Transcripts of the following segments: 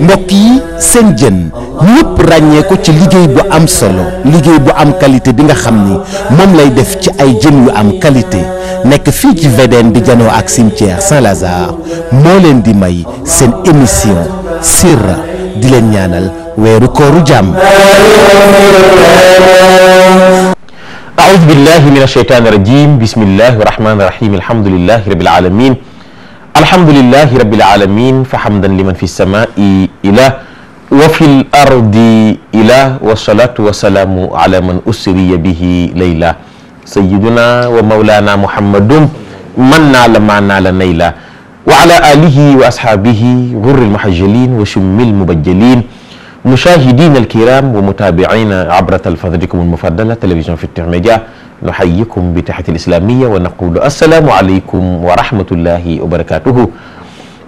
mbokk yi seen jën ñëpp ràññeeku ci liggéey bu am solo liggéey bu am qualité bi nga xam ni moom lay def ci ay jën yu am qualité nekk fii ci VDN di janoo ak cimetière Saint-Lazare moo leen di may seen émission Sirra di leen ñaanal weeru kooru jàmm aoudu billahi min alsheytaani rajim bismillahi rahmani rahim alhamdulillahi rabbil alamin alhamdulillahi rabbil alamin fa hamdan liman fi samai ilah wa fil ardi ilah wa salatu wa salaamu ala man usriya bihi layla sayyiduna wa mawlana muhammadun man naala ma naala nayla wa ala alihi wa ashaabihi gurril muhajjalin wa summil mubajjalin mushahidina alkiram wa mutabiina abrat alfadratikum almufaddala télévision Futurs Médias nuxayikum bi taxati lislamiya wa naqulu assalaamu aleykum wa rahmatullahi wa barakatuhu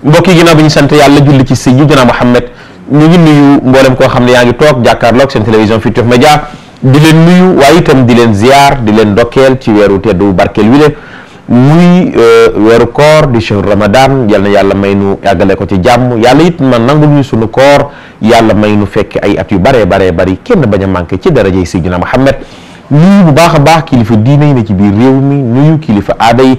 mbokk yi ginnaaw bi ñu sant yàlla julli ci sayyidina Muhammad ñu ngi nuyu mboolem koo xam ne yaa ngi toog jàkkaarloog seen télévision Futurs Médias di leen nuyu waaye itam di leen ziar di leen ndokkeel ci weeru teddu barkeel wi le muy euh, weeru koor di chehru ramadan yal na yàlla may nu yàggale ko ci jàmm yàlla it ma nangul ñu sunu koor yàlla may nu fekk ay at yu baree baree bari kenn bañ a manqué ci darajey Sayyidina Muhammad nuyu bu baax a baax kilifa diine yi na ci biir réew mi nuyu kilifa aada yi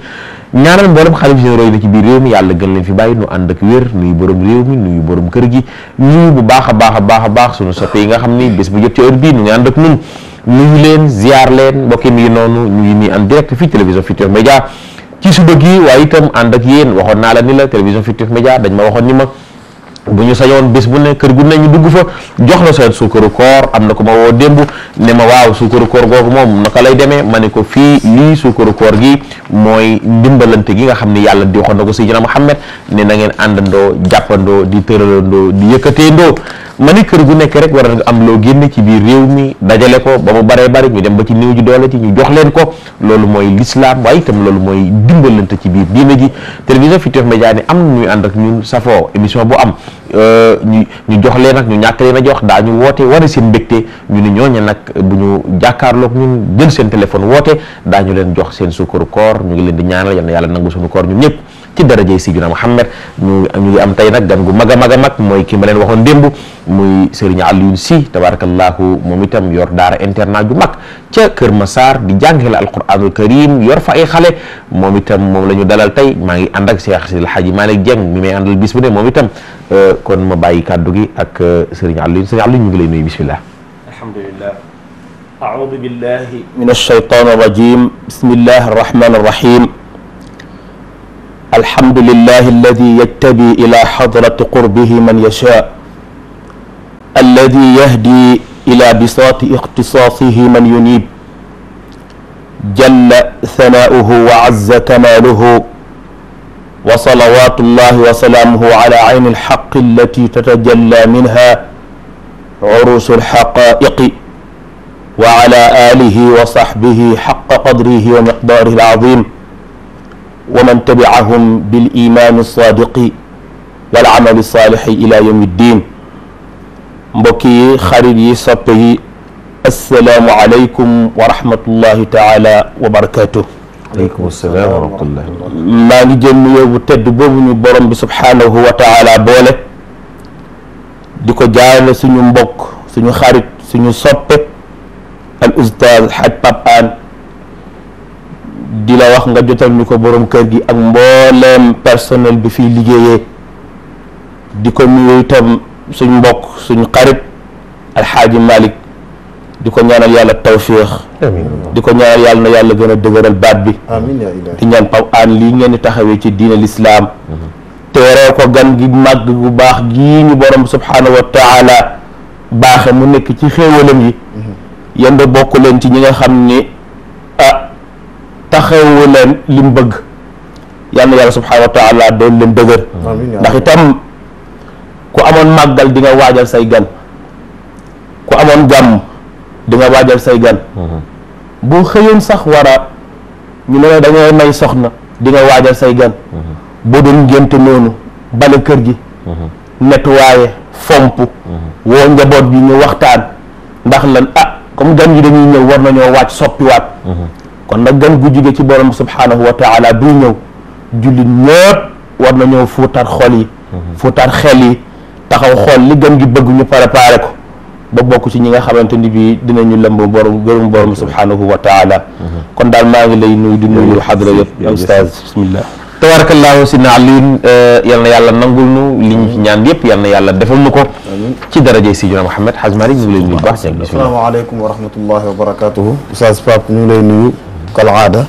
ñaanal mboolem xalif généraux yi na ci biir réew mi yàlla gën leen fi bàyyi nu ànd ak wér nuyu borom réew mi nuyu borom kër gi nuyu bu baax a baax a baax a baax sunu soppe yi nga xam ni bés bu jot ci heure bii nu ngi ànd ak nun nuyu leen ziar leen mbokki mi ngi noonu ñu ngi nii direct fii télévision Futurs Médias ci suba gi waaye itam ànd ak yéen waxoon naa la ni la télévision Futurs Médias dañ ma waxoon ni ma bu ñu sañoon bis bu ne kër gu ne ñu dugg fa jox la seen suukaru koor am na ko ma woo démb ne ma waaw suukaru koor googu moom naka lay demee ma ne ko fii lii suukaru koor gi mooy ndimbalante gi nga xam ne yàlla di waxoon na ko Sayyidina Muhammad ne na ngeen jàppandoo di tëralandoo di yëkkateendoo ma ni kër gu nekk rek war nga am loo génne ci biir réew mi dajale ko ba mu baree bari ñu dem ba ci néew ji doole ci ñu jox leen ko loolu mooy lislaam waaye itam loolu mooy dimbalante ci biir diina ji télévision Futurs Médias ne am na ànd ak ñun safoo émission bu am Euh, ñu jox leen nag ñu ñàkk leen a jox daa ñu woote wane seen mbégte ñu ni ñooñu nag bu ñu jàkkaarloog ñu jël seen téléphone woote daa ñu leen jox seen sukkaru koor ñu ngi leen di ñaanal yal na yàlla nangu suñu koor ñun ñëpp ci darajey Sidina Muhammad ñu ñu ngi am tey nag gan gu mag a mag a mag mooy ki ma leen waxoon démb muy Serigne Alioune Sy tabarakallahu moom itam yor daara internat ju mag ca Kër ma Massar di jàngale alquranul karim yor fa ay xale moom itam moom la ñu dalal tey maa ngi ànd ak Cheikh Sidil Hadji Malick moom itam kon ma bàyyi kàddu gi ak sëriñ Alioune sëriñ Alioune ñu ngi lay nuyu bismillah alhamdulillah أعوذ بالله من الشيطان الرجيم بسم الله الرحمن الرحيم الحمد لله الذي يجتبي إلى حضرة قربه من يشاء الذي يهدي إلى بساط اختصاصه من ينيب جل ثناؤه وعز كماله wa salawaatullahi wa salaamuhu ala ayni alxaqi allati tatajalla minha urusu alxaqaiqi wa ala alihi wa sahbihi xaqa qadrihi wa miqdaarihi alazim wa man tabiahum bil imaani alsaadiqi wal amali saalixi ila yawmi ddin mbokk yi xarit yi soppe yi assalaamu aleykum wa rahmatullahi taala wa barakatuh aleykum salaam wa rahmatullah maa ngi jël nuyoo bu tedd boobu ñu borom bi subhaanahu wa taala boole di ko jaarale suñu mbokk suñu xarit suñu soppe al ustaaz xaj papaan di la wax nga jotal ñu ko borom kër gi ak mbooleem personnel bi fiy liggéeyee di ko nuyu itam suñ mbokk suñu xarit alxaaji malik di ko ñaanal yàlla tawféex di ko ñaanal yàlla na yàlla gën a dëgëral baat bi di ñaan Pape Hann lii ngeen di taxawee ci diine lislaam mm-hmm. teeree ko gan gi màgg gu baax gii ñu borom subhaanahu wa taala baaxe mu nekk ci xéewalam yi mm-hmm. yéen bokk leen ci ñi nga xam ni ah taxawu leen li bëgg yal na yàlla subhaanahu wa taala doon leen dëgër ndax itam ku amoon màggal di nga waajal say gan ku amoon jàmm di nga waajal say gan mhm. boo xëyoon sax wara ñu ne dangay dañoo may soxna di nga waajal say gan mhm. boo doon ngénte noonu bale kër gi mhm. nettoyé fomp woo njaboot gi ñu waxtaan ndax lan ah comme gan yi dañuy ñëw war nañoo waaj soppiwaat kon nag gan gu jóge ci borom subhanahu wa taala buy ñëw jullit ñëpp war nañoo fuutaat xol yi fuutaat xel yi taxaw xool li gan gi bëgg ñu préparé ko ba bokk ci ñi nga xamante ni bii dinañu lëmb borom gërëm borom subhanahu wa taala kon daal maa ngi lay nuyu di nuyu xadra yëpp ya oustaz bismillah tabarakallahu si na alin eh, yal na yàlla nangul nu liñ ci yëpp yal na yàlla defal nu ko ci daraje Sidina Muhammad xajmari ñu ngi lay nuyu baax asalaamaaleykum wa rahmatullahi wa barakatuhu ñu ngi lay nuyu kal aada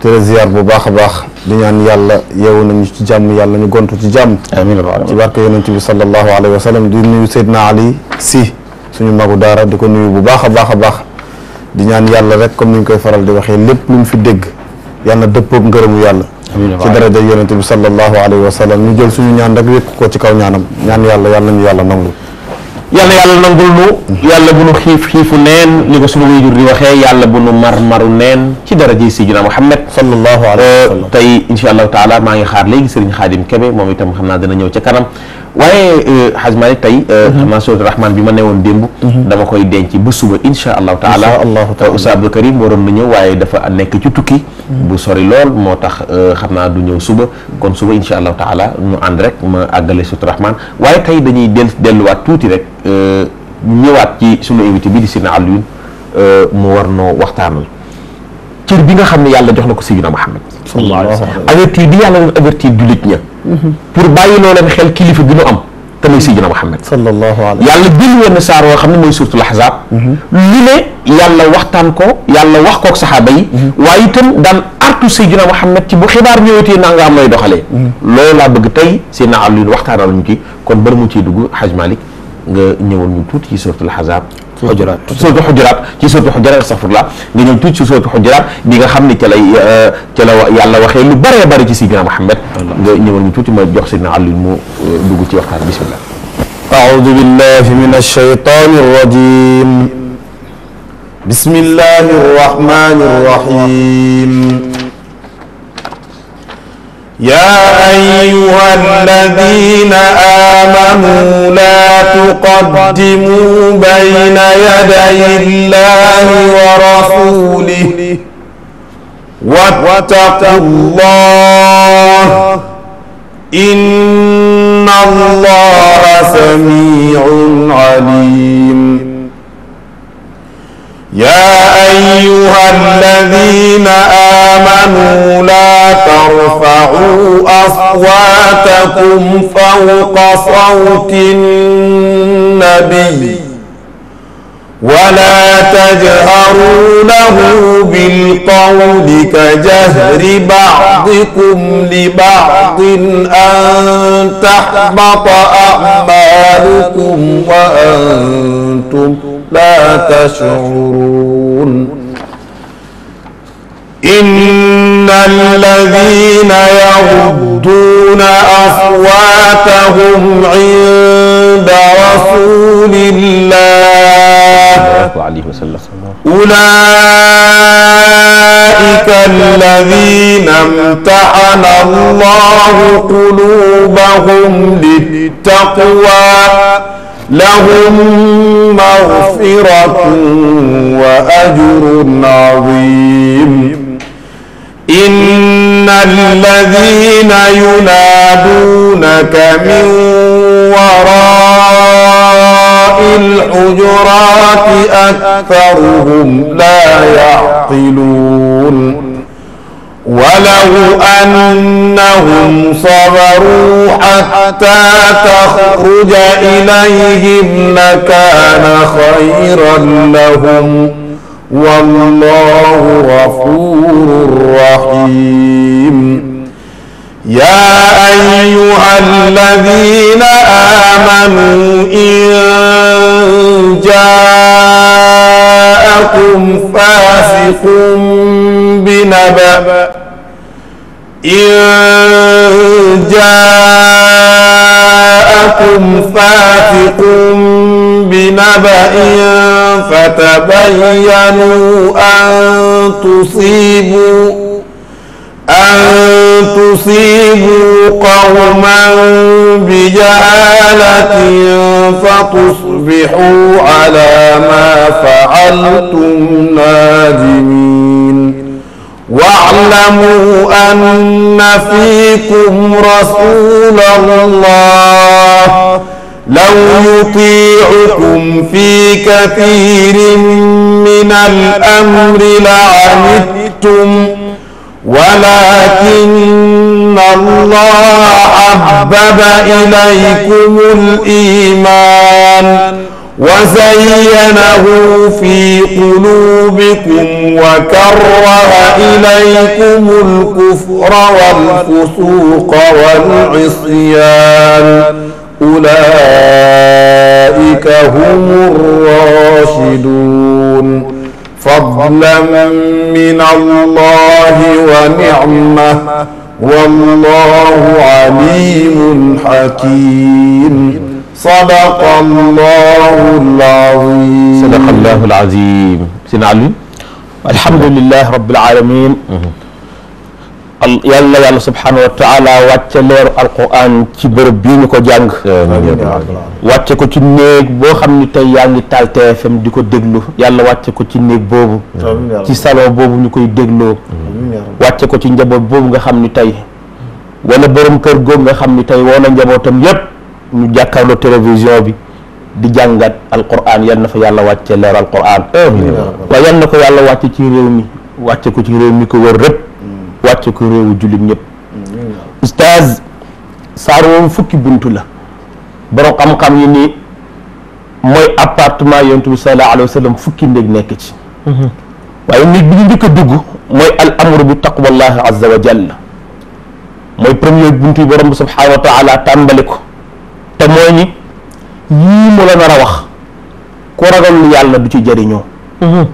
tere ziar bu baax a baax di ñaan yàlla yeewu nañu ci jàmm yàlla ñu gontu ci jàmm amiin ci barke yonent bi sallallahu alayhi wa sallam di nuyu Seydina suñu magu daara di ko nuyu bu baax a baax a baax di ñaan yàlla rek comme ni ñu koy faral di waxee lépp lu mu fi dégg yàlla dëppoog ngërëmu yàlla ci daraja yonente bi sallallahu alayhi wa sallam ñu jël suñu ñaan rek wékk ko ci kaw ñaanam ñaan yàlla ñu yàlla nangul yàlla yàlla nu yàlla bu nu xiif xiifu neen ni ko suñu wayjur di waxee yàlla bu nu mar maru neen ci daraja Sayyidina Muhammad sallallahu alayhi wa sallam tey insha allahu taala maa ngi xaar léegi Serigne Khadim Kebe moom itam xam naa dana ñëw ca kanam waaye xaj euh, Malick tey euh, mansour mhm. rahman bi ma ne newoon démb mhm. dama koy denc ba suba insha allahu taala Oustaz Abdou Karim waroon na ñëw waaye dafa nekk ci tukki mhm. bu sori lool moo tax euh, xam naa du ñëw suba kon suba insha allahu taala ñu ànd rek ma àggale sut rahman waaye tey dañuy del delluwaat tuuti rek ñëwaat ci sunu invité bi di Sidna Alioune mu war noo waxtaanal cër bi nga xam ne yàlla jox na ko Sidina Muhammad sallallahu alayhi wa sallam avertir bi yàlla pour bàyyi loo leen xel kilifa bi nu am te muy Sidina Muhammad sallallahu alayhi yàlla bind wenn saar woo xam ne mooy suuratul Ahzaab mhm. li ne yàlla waxtaan ko yàlla wax kook saxaaba yi mhm. waaye itam daan artu Sidina Muhammad ci bu xibaar ñëwatee nangaam lay doxalee mhm. loolu laa bëgg tey Sidina Alioune waxtaanal ñu ci kon bari mu ciy dugg Haj Malick nga ñëwoon ñu tuuti ci suuratul Ahzaab xujuraat suratu xujuraat ci suratu xujuraat safurla nga ñëw tuuti ci suratu xujuraat bi nga xam ne ca lay euh, ca la yàlla waxee lu bëree bëri ci sidina Muhammad nga ñëwal mu tuuti ma jox sidina Ali mu euh, dugg ci waxtaan bismillah أعوذ بالله من الشيطان الرجيم بسم الله الرحمن الرحيم يا أيها الذين آمنوا لا قدموا بين يدي الله ورسوله واتقوا الله إن الله سميع عليم يا أيها الذين آمنوا لا ترفعوا أصواتكم فوق صوت النبي ولا تجهروا له بالقول كجهر بعضكم لبعض أن تحبط أعمالكم وأنتم لا تشعرون إن الذين يغضون أصواتهم عند رسول الله عليه وسلم أولئك الذين امتحن الله قلوبهم للتقوى لهم مغفرة وأجر عظيم إن الذين ينادونك من وراء الحجرات أكثرهم لا يعقلون ولو أنهم صبروا حتى تخرج إليهم لكان خيرا لهم والله غفور رحيم يا أيها الذين آمنوا إن جاءوا جاءكم فاسق بنبأ إن جاءكم فاسق بنبأ فتبينوا أن تصيبوا أن تصيبوا قوما بجهالة فتصبحوا على ما فعلتم نادمين واعلموا أن فيكم رسول الله لو يطيعكم في كثير من الأمر لعنتم ولكن الله حبب إليكم الإيمان وزينه في قلوبكم وكره إليكم الكفر والفسوق والعصيان أولئك هم الراشدون فضلا من الله ونعمة والله عليم حكيم صدق الله العظيم صدق الله العظيم سنعلم الحمد لله رب العالمين yàlla na yàlla subhaanahu wa taala wàcce leeru alquran ci bërëb bii ñu ko jàng wàcce ko ci néeg boo xam ni tey yaa ngi taal TFM di ko déglu yàlla wàcce ko ci néeg boobu ci salon boobu ñu koy dégloo wàcce ko ci njaboot boobu nga xam ni tey wala borom kër googu nga xam ni tey woon na njabootam yépp ñu jàkkaarloo télévision bi di jàngat alquran yal na fa yàlla wàcce leeru alquran waaye yal na ko yàlla wàcce ci réew mi wàcce ko ci réew mi ko wër rëpp wàcce ko réewu jullit ñëpp oustaz saar woom fukki bunt la borom xam-xam yi ni mooy appartement yontu bi sallallahu alayhi wa sallam fukki néeg nekk ci mhm. waaye néeg bi ñu njëkk a dugg mooy al amru bi taqwallahi mooy premier bunt yi borom bi subhanahu wa taala tàmbali ko te mooy ni yii mu la nar a wax ku ragalul yàlla du ci jariñoo mhm.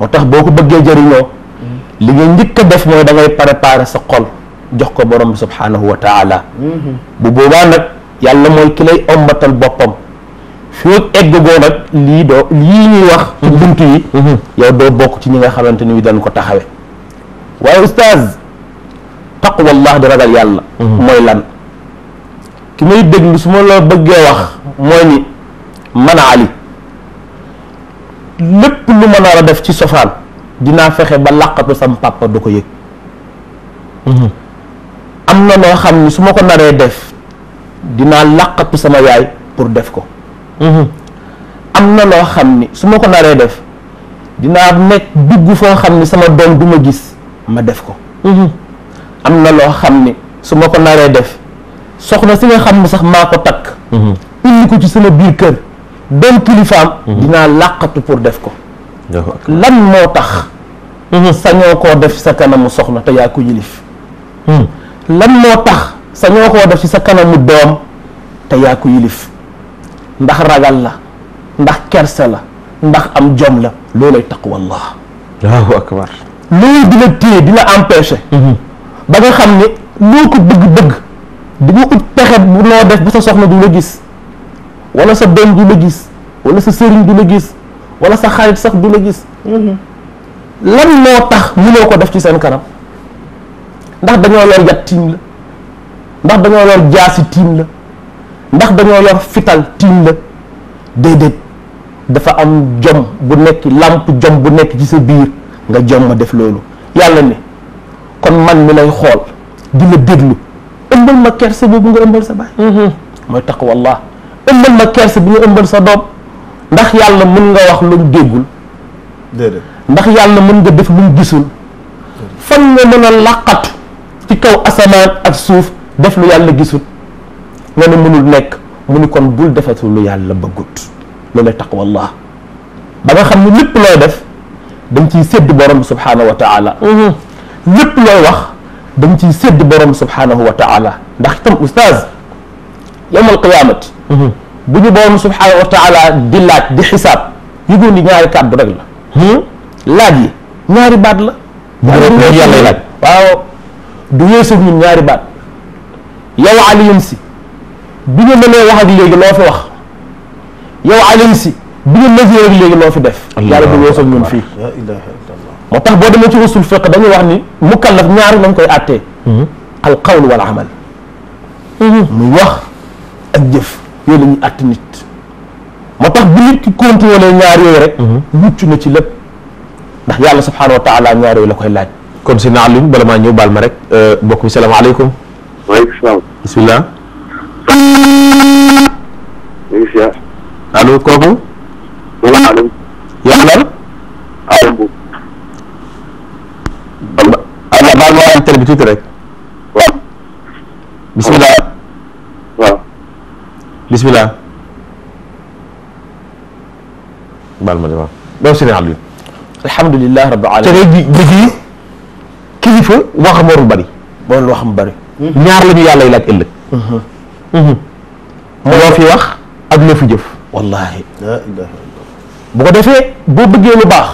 moo tax boo ko bëggee jëriñoo li nga njëkk a def mooy da ngay préparer sa xol jox ko borom bi subhaanahu wa taala mm-hmm. bu boobaa nag yàlla mooy ki lay ombatal boppam foo eggagoo nag lii doo lii ñuy wax ci mm-hmm. bunt yi mm-hmm. yow doo bokk ci ñi nga xamante ni dañ ko taxawe waaye oustaz taqwallah di ragal yàlla mooy lan ki may déglu su ma la bëggee wax mooy ni man Ali lépp lu ma nar def ci sofaan dinaa fexe ba làqatu sam papa du ko yëg mhm. am na noo xam ni su ma ko naree def dinaa làqatu sama yaay pour def ko mhm. am na loo xam ni su ma ko naree def dinaa nekk dugg foo xam ni sama doom du ma gis ma def ko mhm. am na loo xam ni su ma naree def soxna si nga xam ni sax maa ko takk indi ko ci sama biir kër doon kilifaam dinaa làqatu pour def ko lan moo tax mhm. sañoo koo def ci sa kanamu soxna te yaa ko yilif mhm. lan moo tax sañoo koo def ci sa kanamu doom te yaa ko yilif ndax ragal la ndax kersa la ndax am jom la loolay taqwallah allahu akbar loolu di la téye di la empêché mhm. ba nga xam ne loo ko bëgg-bëgg di nga ut pexe bu noo def ba sa soxna du la gis wala sa doom du la gis wala sa sëriñ du la gis wala sa xarit sax du la gis mhm. lan moo tax mënoo ko def ci seen kanam ndax dañoo lor yat tiim la ndax dañoo lor jaasi tiim la ndax dañoo lor fital tiim la déedéet dafa am jom bu nekk làmp jom bu nekk ci sa biir nga jom ma def loolu yàlla ne kon man mi lay xool di la déglu ëmbal ma kerse boobu nga ëmbal sa baay mhm. mooy taqwallah ëmbal ma kerse bi nga ëmbal sa doom ndax yàlla mën nga wax lu mu déggul ndax yàlla mën nga def lu mu gisul fan nga mën a làqatu ci kaw asamaan ak suuf def lu yàlla gisul nga ne mënul nekk mu ni kon bul defatu lu yàlla bëggut loolu taqwallah ba nga xam ne lépp looy def dañ ciy sédd borom bi subhaanahu wa taala mhm. lépp looy wax dañ ciy sédd borom bi subhaanahu wa taala ndax itam oustaz yowm al qiyamat mhm. bu ñu borom subhanahu wa taala di laaj di xisaab yëgoon ni ñaari kàddu rek la hmm? laaj yi ñaari baat la bu yàlla laaj waaw du weesu ñun ñaari baat yow aliyun si bi ñu mënee wax ak léegi loo fi wax yow aliyun si bi ñu lëgee ak léegi loo fi def yàlla du weesu ñun fii moo tax boo demee ci usul fiq dañuy wax ni mukallaf ñaari lañ koy àttee hmm. al qawl wal amal hmm. muy wax ak jëf yooyu la ñuy àtt nit moo tax bu nit ki contrôlé ñaar yooyu rek mhm. mucc ci lépp ndax yàlla subhaanahu wa taala ñaar yooyu la koy laaj kon si na Alioune bala maa ñëw baal ma rek euh, mbokk mi salaamaaleykum waaleykum salaam bisimilah sia allo kooku alum yàlla alum bu baal bi tuuti rek bismillah baal ma dama ba sëriñ Aliou alhamdulilah rabbil alamin te léegi jigi kilifa waxam warul bari warul waxam bari ñaar la ñu yàlla yi laaj ëllëg loo fi wax ak loo fi jëf wallahi bu ko defee boo bëggee lu baax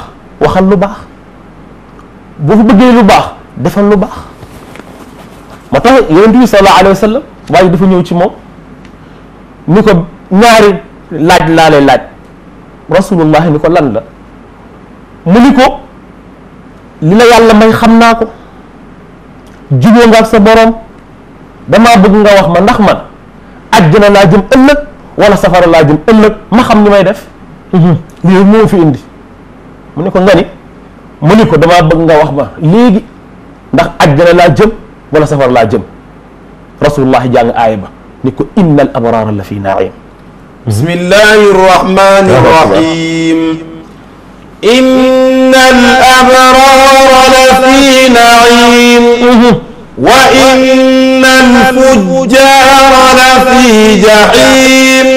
waxal lu baax boo fi bëggee lu baax defal lu baax moo tax yonent bi sallallahu alayhi wa sallam waaye dafa ñëw ci moom ni ko ñaari laaj laale lay laaj rasulullah ni ko lan la mu ni ko li la yàlla may xam naa ko juboo nga ak sa borom damaa bëgg nga wax ma ndax man àjjana laa jëm ëllëg wala safara laa jëm ëllëg ma xam ni may def mhm. lii moo fi indi mu ni ko nga ni mu ni ko damaa bëgg nga wax ma léegi ndax àjjana laa jëm wala safara laa jëm rasulullah jàng aaya ba ni ko innal abraara la fi naim bismillahi rahmani rahim innal abraara la fi naim wa innal fujjaara la fi jahim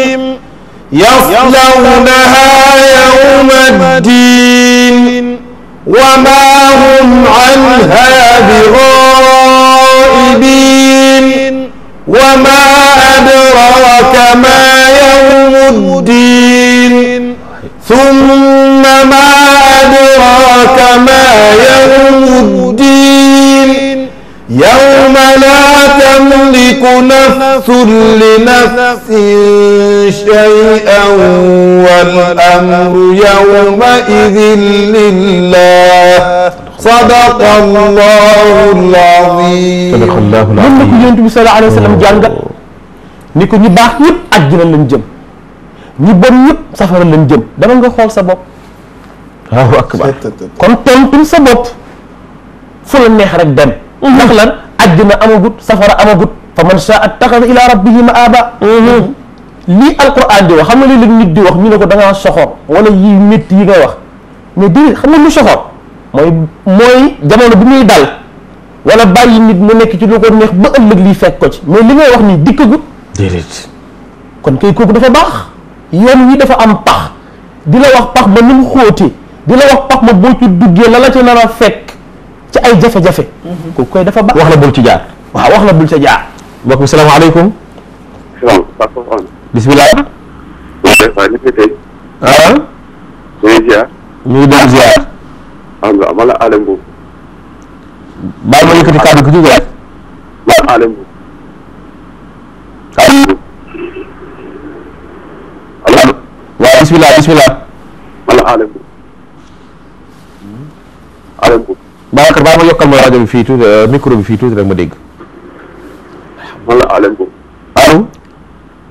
yaslawnaha yawma ddin wa ma hum anha bigaa'ibin وما أدراك ما يوم الدين ثم ما أدراك ما يوم الدين يوم لا تملك نفس لنفس شيئا والأمر يومئذ لله sadaqallahul aziim. sadaqallahul aziim. mën na ko yonent bi sallallahu alayhi wa sallam jàngat. ni ko ñu baax ñëpp àjjana lañ jëm. ñu bon ñëpp safara lañ jëm dama nga xool sa bopp. waaw akbar kon tontul sa bopp. fu la neex rek dem. ndax lan àjjana amagut safara amagut. fa man saa attaxada ila rabbihi maaba. lii alquran di wax xam nga léeg-léeg nit di wax ñu ne ko da ngaa soxor wala yii métti yi nga wax mais déedéet xam nga lu soxor. mooy mooy jamono bi muy dal wala bàyyi nit mu nekk ci lu ko neex ba ëllëg lii fekk ko ci mais li may wax nii dikk déedéet kon kay kooku dafa baax yoon wi dafa am pax di la wax pax ma ni mu xóote di la wax pax ma boo ci duggee la la ci nar fekk ci ay jafe-jafe mhm. kooku koy dafa baax wax la bul ci jaar waaw wax la bul ci jaar mbokk bi salaamaaleykum nga wala alem boobu. bàyyi ma yëkkati kàddu gi jóge wala alem boobu. allo. waaw bisimilah bisimilah. wala alem boobu. alem boobu. Babacar baa ma yokkal ma rajo bi fii tuuti euh, micro bi fii tuuti rek ma dégg. wala alem boobu. allo.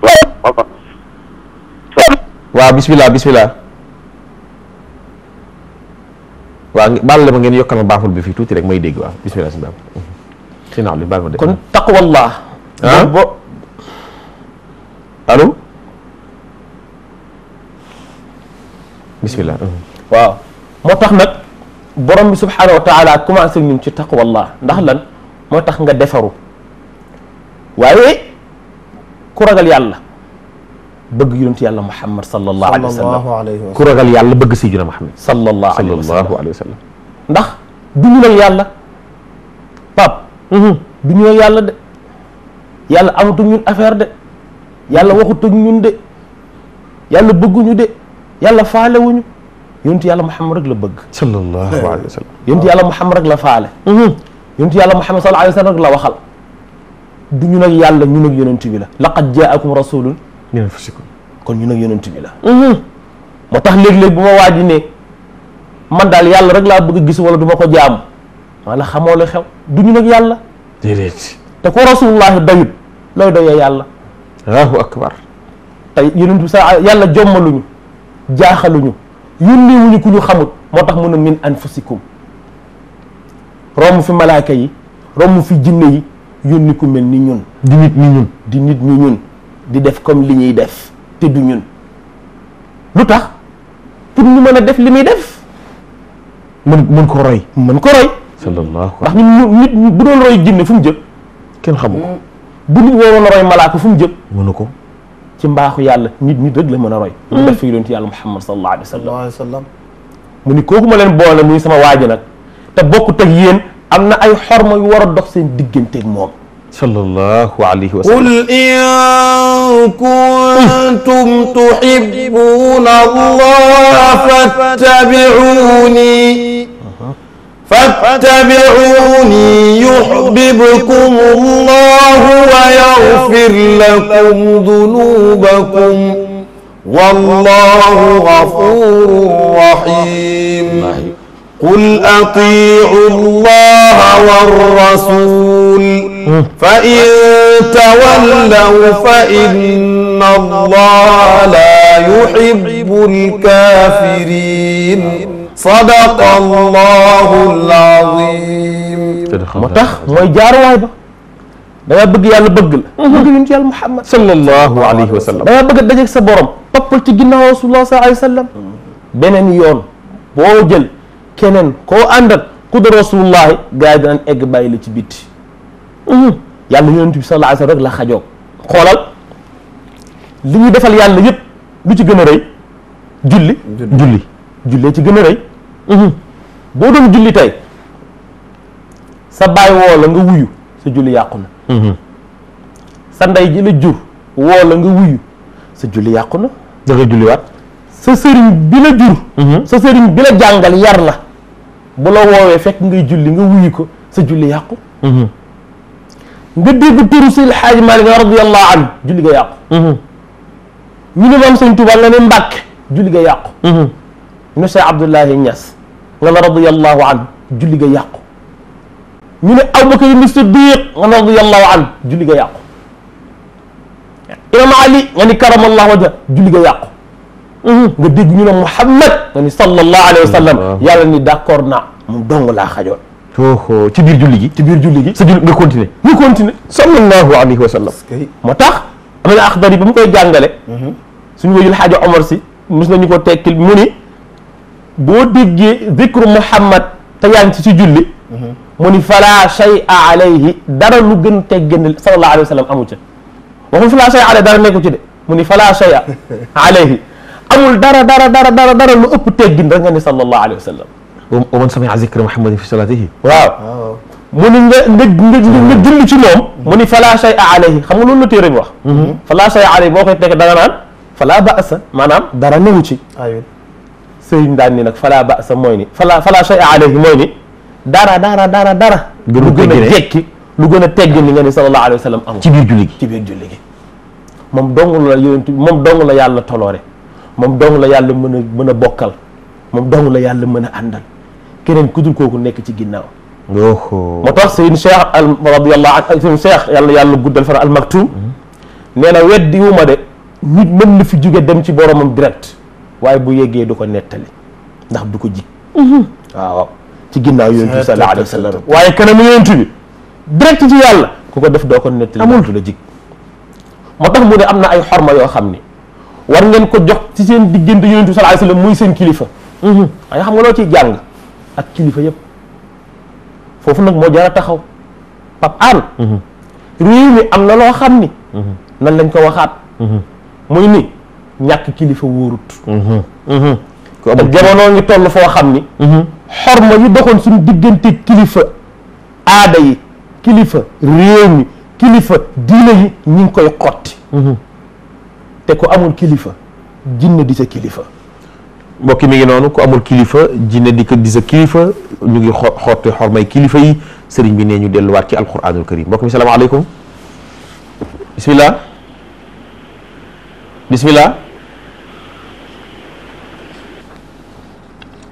waaw. waaw bisimilah bisimilah. waaw baal la ma ngeen yokka ma baaful bi fi tuuti rek may dégg waaw bisimilah suñu baab mhm. si naam li baal ma dégg kon taqwallah ah bo allo bisimilah mhm. waaw tax nag borom bi subhanahu wa taala commencé ñun ci taqwallah ndax lan moo tax nga defaru waaye ku ragal yàlla bëgg yonent yàlla Muhammad sallallahu alayhi wa sallam ku ragal yàlla bëgg Sayyidina Muhammad sallallahu alayhi wa sallam ndax du ñu la yàlla pap mhm. du ñu la yàlla de yàlla amatu ñun affaire de yàlla waxutu ñun de yàlla bëgguñu de yàlla faalewuñu yonent yàlla Muhammad rek la bëgg sallallahu alayhi wa sallam eh. yonent yàlla Muhammad rek la faale mhm. yonent yàlla Muhammad sallallahu alayhi wa sallam rek la waxal du ñun ak yàlla ñun ak yonent bi la laqad jaakum rasulun ñu kon ñu nag yonent bi la mhm. moo tax léeg-léeg bu ma waaji ne man daal yàlla rek laa bëgg gis wala duma ko jaam wala xamoo la xew du ñu nag yàlla déedéet te ko rasulullahi doyut looy doyee yàlla allahu akbar te yonent bi sa yàlla jommaluñu jaaxaluñu yónni wuñu ku ñu xamut moo tax mun a min anfusikum romb fi malaaka yi romb fi jinne yi yónni ku mel ni ñun di nit ni ñun di nit ni ñun di def comme li ñuy def te du ñun lu tax pour ñu mën a def li muy def mën mën ko roy mën ko roy sallallahu ndax ñu nit bu doon roy jinne fu mu jëm kenn xamu ko mm. bu nit waroon a roy malaaka fu mu jëm mënu ko ci mbaaxu yàlla nit nit rek la mën a roy mu mm. def fi yonent yàlla muhammad sallallahu alayhi wa sallam mu ni kooku ma leen boole muy sama waaji nag te bokkut ak yéen am na ay xorma yu war a dox seen digganteeg moom sallallahu alayhi wa sallam qul in kuntum tuhibbuna allaha fattabi'uni fattabi'uni yuhbibkum allahu wa yaghfir lakum dunubakum wallahu ghafurun rahim qul atii'u allaha war rasul فإن تولوا فإن الله لا يحب الكافرين صدق الله العظيم moo tax mooy jaaruwaay ba da nga bëgg yàlla bëgg la mm-hmm. bëgg yonent yàlla Muhammad sallallahu alayhi wa sallam da nga bëgg a dajeeg sa borom toppal ci ginnaaw rasulullah sallallahu alayhi wa sallam mm-hmm. beneen yoon boo jël keneen koo àndal ku da rasulullahi gars yi danañ egg bàyyi la ci bitti Mhm. yàlla yonent bi sallallahu alayhi wa sallam rek la xajoog xoolal li ñu defal yàlla yëpp lu ci gën a rëy julli julli jullee ci gën a rëy mhm. boo doon julli tey sa baay woo la nga wuyu sa julli yàqu na mhm. sa ndey ji la la nga wuyu sa julli yàqu na da nga sa sëriñ bi la jur sa sëriñ bi la jàngal yar la bu la woowee fekk ngay julli nga wuyu ko sa julli yàqu nga dégg turu Seydi Xaaji Maalik radiyallahu mhm. mhm. anhu julli ga yàqu ñu ne moom sëñ Tuubaa nga ne Mbàkke julli ga yàqu ñu ne Cheikh Abdoulahi Niass nga ne radiyallahu anhu julli ga yàqu ñu ne Abubakar ibn Siddiq nga ne radiyallahu anhu julli ga yàqu imam Ali nga ni karamallahu wajha julli ga yàqu mhm. nga dégg ñu ne Muhammad nga ni sallallahu alayhi mu dong laa xajoon foofu ci biir julli gi ci biir julli gi sa julli nga continuer ñu continuer sallallahu alayhi wa sallam moo tax am na axdar yi ba mu koy jàngale mhm. suñu wajul xaajo omar si mos nañu ko tekkil mu ni boo déggee zikru muhammad te yaa ngi ci si julli mhm. mu ni fala shay'a alayhi dara lu gën tegganil sallallahu alayhi wa sallam amu ca waxul fala shay'a alayhi dara nekku ci de mu ni fala shay'a alayhi amul dara dara dara dara dara lu ëpp teggin rek nga ni sallallahu alayhi wa sallam wa man sami'a zikra Muhammadin fi salatihi waaw mu ni nga nga nga julli ci moom mu ni fala shay'a alayhi xam nga loolu la téere bi wax mm-hmm. fala shay'a alayhi boo koy teg da nga naan fala ba'sa maanaam dara newu ci sëriñ daan ni nag fala ba'sa mooy ni fala fala shay'a alayhi mooy ni dara dara dara dara lu gën a jekki lu gën a teggin li nga ni sallallahu alayhi wa sallam amul ci biir julli ci biir julli gi moom dong la yonent moom dong la yàlla toloore moom dong la yàlla mën a mën a bokkal moom dong la yàlla mën a àndal keneen ku dul kooku nekk ci ginnaaw. moo tax sëñ Cheikh al radiyallahu anhu sëñ Cheikh yàlla yàlla guddal fan al maktum. Mhm. nee na weddi wu ma de nit mën na fi jóge dem ci boromam direct waaye bu yeggee du ko nettali ndax du ko jig. Mhm. waaw ginnaaw yonent bi sallallahu alayhi waaye kanam yonent bi direct ci yàlla ku ko def doo ko nettali. amul du la jig moo tax mu am na ay xorma yoo xam ni war ngeen ko jox ci seen diggante yonent bi sallallahu alayhi wa muy seen kilifa. Mhm. ay xam nga loo ciy jàng. ak kilifa yëpp foofu nag moo jara taxaw pap aan mhm. réew mi am na loo xam ni mhm. nan lañ ko waxaat mhm. muy ni ñàkk kilifa wóorut te jamono ngi toll foo xam ni xorma yi doxoon suñu diggante kilifa aada yi kilifa réew mi kilifa diine yi ñi ngi koy xotti te ku amul kilifa jinne di sa kilifa mbokki mi ngi noonu ku amul kilifa jinne di ko kilifa ñu ngi xoote xormay kilifa yi sëriñ bi nee ñu delluwaat ci alquranul karim mbokk mi salaamaaleykum bismillah bismillah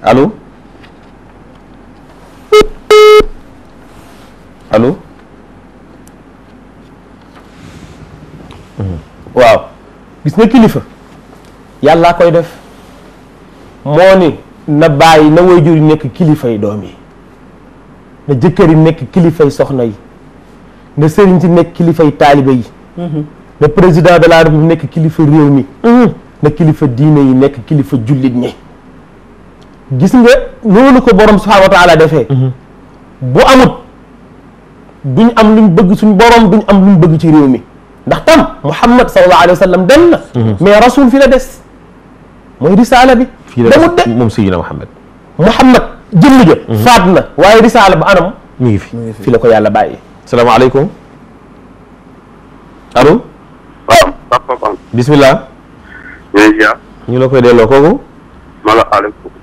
allo allo waaw gis nga kilifa yàllaa koy def moo ni na bàyyi na waajur yi nekk kilifay doom yi na jëkkër yi nekk kilifay soxna yi na sëriñ si nekk kilifay taalibe yi mhm. na président de la république nekk kilifa réew mi mhm. na kilifa diine yi nekk kilifa jullit ñi gis nga loolu ko borom subhaanahu wa taala defee mhm. bu amut duñ am luñ bëgg suñ borom duñ am luñ bëgg ci réew mi ndax tam muhammad sallallahu alayhi wa sallam dem na mais rasul fi la des mooy risaala bi demut de moom Sayyidina Muhammad Muhammad jëmm ja mhm. faat na waaye risaala ba anam mu ngi fi fi la ko yàlla bàyyi salaamaaleykum allo bismillah ñu ngi la koy delloo kooku ma la Alem Mbuub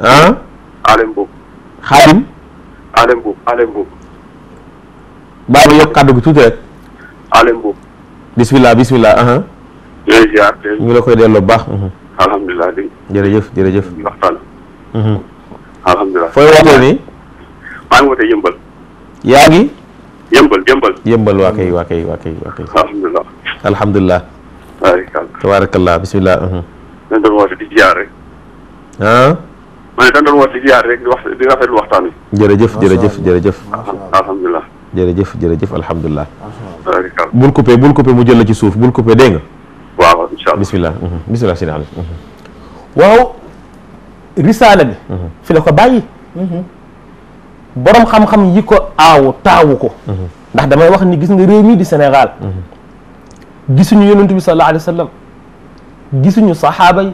ah Alem Mbuub xaalim Alem Mbuub baa ma yokk kàddu gi tuuti bismillah bismillah uh-huh. aha ñu ngi la koy baax uh-huh. alhamdulilah di. jërëjëf jërëjëf. waxtaan. Mhm. alhamdulilah. fooy wootee nii. maa ngi wootee yëmbal. yaa ngi. waa kay waa kay waa kay waa kay. alhamdulilah. alhamdulilah. tabaarakallah bisimilah. Mhm. Ah? jërëjëf jërëjëf jërëjëf. alhamdulilah. jërëjëf jërëjëf alhamdulilah. bul coupé mu jël ci suuf bul coupé incha allah bisimilah bisimilah sëñ Aliou bi mhm. fi la ko bàyyi mhm. borom xam-xam yi ko aawu taawu ko mhm. ndax damay wax ni gis nga réew mii di Sénégal gisuñu yonent bi sallallahu alayhi wa sallam gisuñu saxaaba yi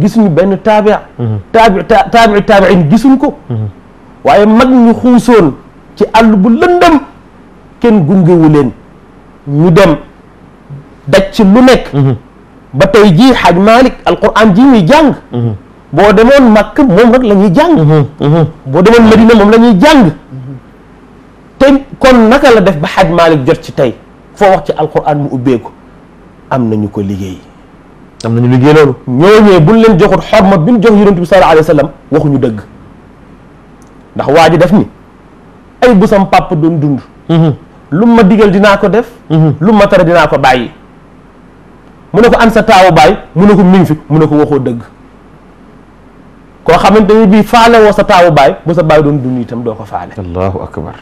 gisuñu benn taabiya taabi taabii taabiin gisuñ ko waaye mag ñu xuusoon ci àll bu lëndëm kenn gungewu leen ñu dem daj lu nekk ba tey jii xaaj Malick alquran ji muy jàng mm-hmm. boo demoon màkk moom rek la ñuy jàng mm-hmm. Mm-hmm. boo demoon Medina moom lañuy jàng te kon naka la def ba xaaj Malick jot ci tey foo wax ci alquran mu ubbeeku am nañu ko liggéey am nañu liggéey loolu ñooñee buñ leen joxut xorma bi ñu jox yonent bi sallallahu alayhi wa sallam waxuñu dëgg ndax waa ji def ni ay bu sam pàpp doon dund lu ma digal dinaa ko def lu ma tere dinaa ko bàyyi mu ne ko an sa taawu baay mu ne ko mi fi mu ne ko waxoo dëgg koo xamante ni bii faale woo sa taawu baay bu sa baay doon dund itam doo ko faale. allahu akbar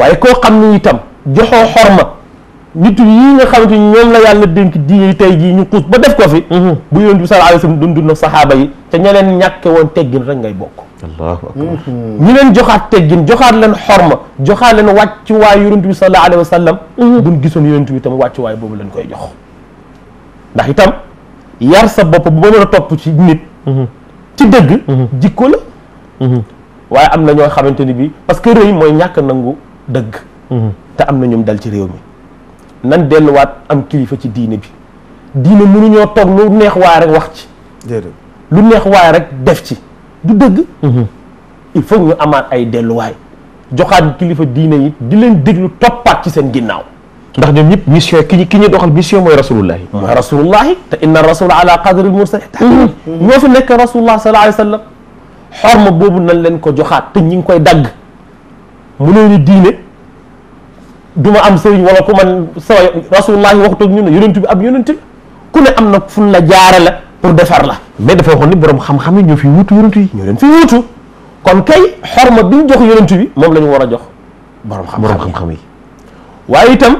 waaye koo xam ni itam joxoo xorma nit yi nga xamante ni ñoom la yàlla dénk diine tey jii ñu xuus ba def ko fi. Mhm. bu yonent bi sallallahu alayhi wasallam dund dund ak yi te ña leen ñàkke woon teggin rek ngay bokk. allahu akbar mhm. ñi leen joxaat teggin joxaat leen xorma joxaat leen wàccuwaay yonent bi sa alayhi wasallam. Mhm. buñ gisoon yonent bi itam wàccuwaay boobu lañ koy jox. ndax itam yar sa bopp ba mën a topp ci nit mhm. ci dëgg mhm. jikko la mhm. waaye am na ñoo xamante ni bi parce que rëy mooy ñàkk nangu dëgg te am na ñoom dal ci réew mi nan delluwaat am kilifa ci diine bi diine mënuñoo toog lu neex waay rek wax ci lu neex waay rek def ci du dëgg il faut ñu amaan ay delluwaay joxaat kilifa diine yi di leen déglu toppaat ci seen ginnaaw ndax ñoom ñëpp mission ki ñu ki ñu doxal mission mooy rasulullahi wa rasulullahi te inna rasula la qadri al-mursal mm-hmm. mm-hmm. ñoo fi nekk rasulullah sallallahu alayhi wa sallam xorma boobu nañ leen ko joxaat te ñi ngi koy dagg mu ne diine du am sëriñ wala ku man sawa rasulullahi waxtu ñu ne yonent bi ab yonent bi ku ne am na fun la jaarale pour defar la mais dafa waxoon ni borom xam-xam yi ñoo fi wuutu yonent yi ñoo leen fi wuutu kon kay xorma bi ñu jox yonent bi moom lañu war a jox borom xam-xam yi waaye itam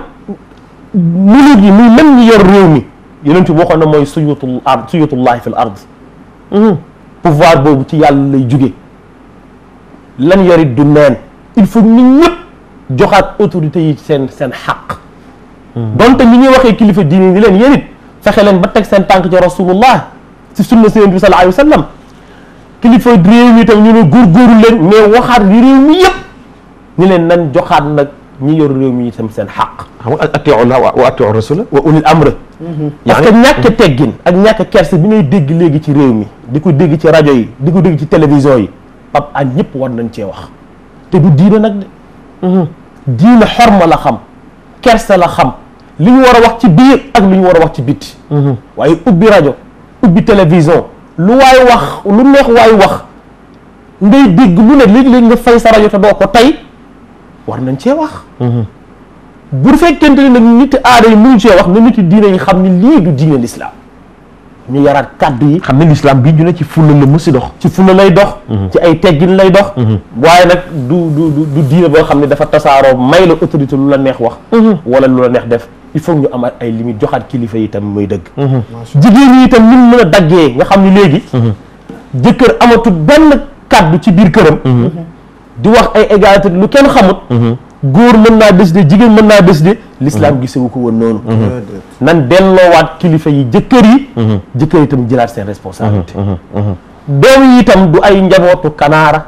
minit yi muy même ñi yor réew mi yonent bi waxoon na mooy suyutul ard suyutullahi fil ard mhm. pouvoir boobu ci yàlla lay jóge lan yorit du neen il faut ñun ñëpp joxaat autorité yi seen seen xaq mhm. donte ñi ñuy waxee kilifa diine ni leen yéen it fexe leen ba teg seen tànk ci rasulullah si sunna si yonent bi sallallahu alayhi wa kilifa réew mi ñu ne góorgóorlu leen mais waxaat li réew mi yëpp ñu leen nan joxaat nag ñi yor réew mi itam seen xaq. xam nga a llah wa atiu rasula wa ulil amr. Mhm. parce que ñàkk mhm. teggin ak ñàkk kerse bi ngay dégg léegi ci réew mi di ko dégg ci rajo yi di ko dégg ci télévision yi a an ñëpp war nañ cee wax te du diina nag de. Mhm. diina xorma la xam kerse la xam li ñu war a wax ci biir ak li ñu war a wax ci biit waaye ubbi rajo ubbi télévision lu waay wax lu neex waay wax ngay dégg lu ne léeg-léeg nga fay sa rajo te doo ko tey. war nañ cee wax. Mhm. bu fekkente ne nag nit aada yi mënuñ cee wax na nit diine yi xam ne lii du diine lislaam ñu yaraat kàddu yi. xam ne lislaam bi ñu ne ci fulla la mu si dox. ci fulla lay dox. Mhm. ci ay teggin lay dox. Mhm. waaye nag du du du boo xam ne dafa tasaaroo may la autorité lu la neex wax. wala lu la neex def il faut ñu amaat ay limite joxaat kilifa yi itam muy dëgg. jigéen ñi itam ni mu a daggee nga xam ni léegi. jëkkër amatu benn kàddu ci biir këram. di wax ay égalité lu kenn xamut mhm. góor mën naa décider jigéen mën naa des décider l'islam mhm. gisewu ko woon noonu mhm. nan delloowaat kilifa yi jëkkër yi jëkkër yi itam jëlaat seen responsabilité doom yi itam du ay njabootu kanaara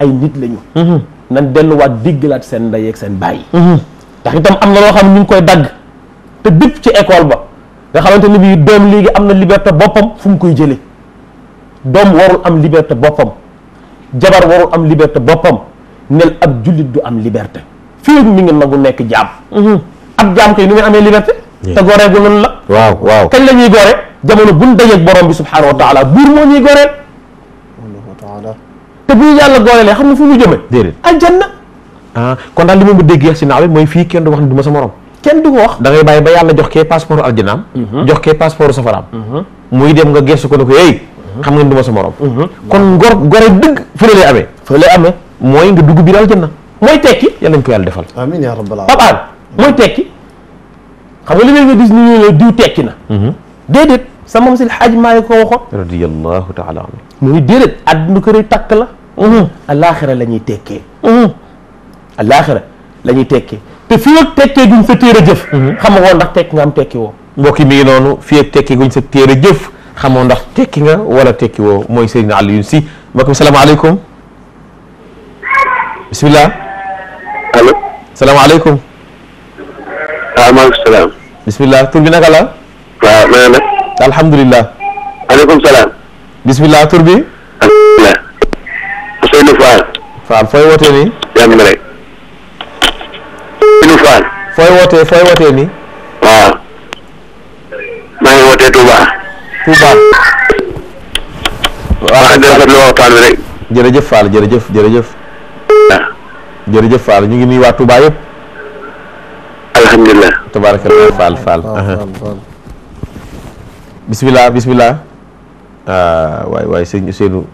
ay nit lañu nan delluwaat diggalaat seen ndey seen baay ndax itam am na loo xam ne ñu ngi koy dagg te dëpp ci école ba nga xamante ni bii doom léegi am na liberté boppam fu mu koy jëlee doom warul am liberté boppam jabar warul am liberté boppam nel ab jullit du am liberté fii mi ngi magu nekk jaam mhm. ab jaam kay nu muy amee liberté te goree gu noonu la waaw waaw kañ la ñuy gore jamono buñ dajeeg borom bi subhanahu wa taala buur moo ñuy goreel te bu ñu yàlla goorelee xam nga fu ñu jëmee déedéet aljanna ah kon daal li moom bu déggee si naaw mooy fii kenn du wax ni du ma sa morom kenn du ko wax da ngay bàyyi ba yàlla jox kee passeport aljanaam mhm. jox kee passeport safaraam mhm. muy dem nga gestu ko ne ko hey xam ngeen du ma sa morom mhm. kon ngor gore dëgg fële lay amee fële lay amee mooy nga dugg biir aljanna mooy tekki yàlla nañ ko yàlla defal amiin yaa rabbal alamiin mooy tekki xam nga li ngay gis ñu diw tekki na mhm. déedéet sama moom si xaaj maa ko waxoon radiyallahu taala anhu mu ni déedéet àdduna kër yi takk la alaaxira mhm. la ñuy tekkee alaaxira lañuy ñuy te fii ak tekkee guñ sa téere jëf xam nga woon ndax tekki nga am tekki woo mbokk mi ngi noonu fii tekkee guñ sa téere jëf xamoo ndax tekki nga wala tekki woo mooy Serigne Alioune si mbokk mi salaamaaleykum bisimilah. allo salaamaaleykum. waaleykum salaam. bisimilah tur bi naka la. waaw maa ngi lay. alhamdulilah. waaleykum salaam. bisimilah tur bi. alhamdulilah. Ousseynou Fall. Fall fooy wootee nii. jàmm rek. Ousseynou Fall. fooy wootee fooy wootee nii. waaw. Touba. waaw di rafetlu waxtaan bi rek. jërëjëf Fall jërëjëf jërëjëf. Ah. jërëjëf Fall ñu ngi nuyu waa Touba yëpp. alhamdulilah. tabarakallah Fall Fall. bisimilah bisimilah. Ah, waay waay sëñ Ousseynou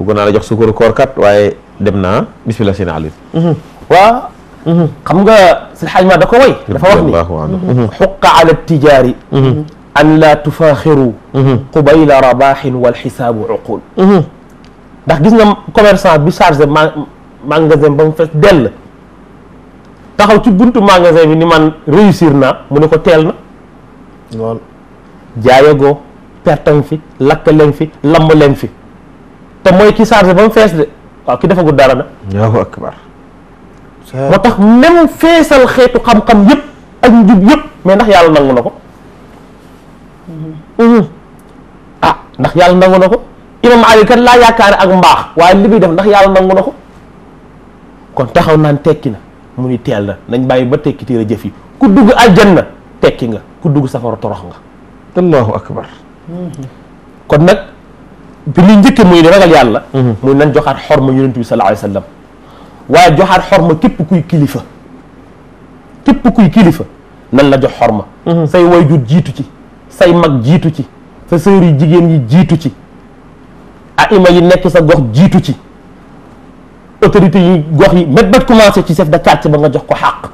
bëggoon naa la jox sukkur koor kat waaye dem naa bisimilah seen Aliou. Mhm. waaw. Mhm. xam nga si xajma da ko way dafa wax ni xuqa ala tijaari. Mhm. an laa tufaaxiru mhm. qubayla rabaaxin wal xisaabu uqul mhm. ndax gis nga commerçant bi chargé ma magasin ba mu fees dell taxaw ci buntu magasin bi ni man réussir naa mu ne ko teel na lool jaayagoo fi lakk leen fi lamb leen fi te mooy ki chargé ba mu fees de waaw ki defagul dara na allahu akbar moo tax même feesal xeetu xam-xam yëpp ak njub yëpp mais ndax yàlla nangu na ko Mhm. ah ndax yàlla nangu na ko imam ali kat laa yaakaar ak mbaax waaye li muy def ndax yàlla nangu na ko kon taxaw naan tekki na mu ni teel na nañ bàyyi ba tekki téere jëf yi ku dugg aljanna tekki nga ku dugg safara torox nga allahu akbar mhm. kon nag bi ñu njëkke muy ragal yàlla mhm. muy nan joxaat xorma yonent bi sallallahu alayhi wa sallam waaye joxaat xorma képp kuy kilifa képp kuy kilifa nan la jox xorma say way jur jiitu ci say mag jiitu ci sa sœur yi jigéen yi jiitu ci a aima yi nekk sa gox jiitu ci autorité yi gox yi met bat commencé ci sef de quartier ba nga jox ko xàq